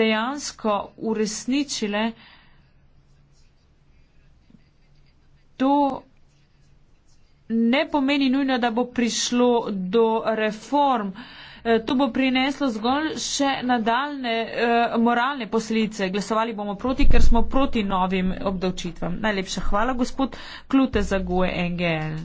dejansko uresničile to ne pomeni nujno, da bo prišlo do reform. E, to bo prineslo zgolj še nadaljne e, moralne posledice. Glasovali bomo proti, ker smo proti novim obdavčitvam. Najlepša hvala, gospod Klute za GUE NGL.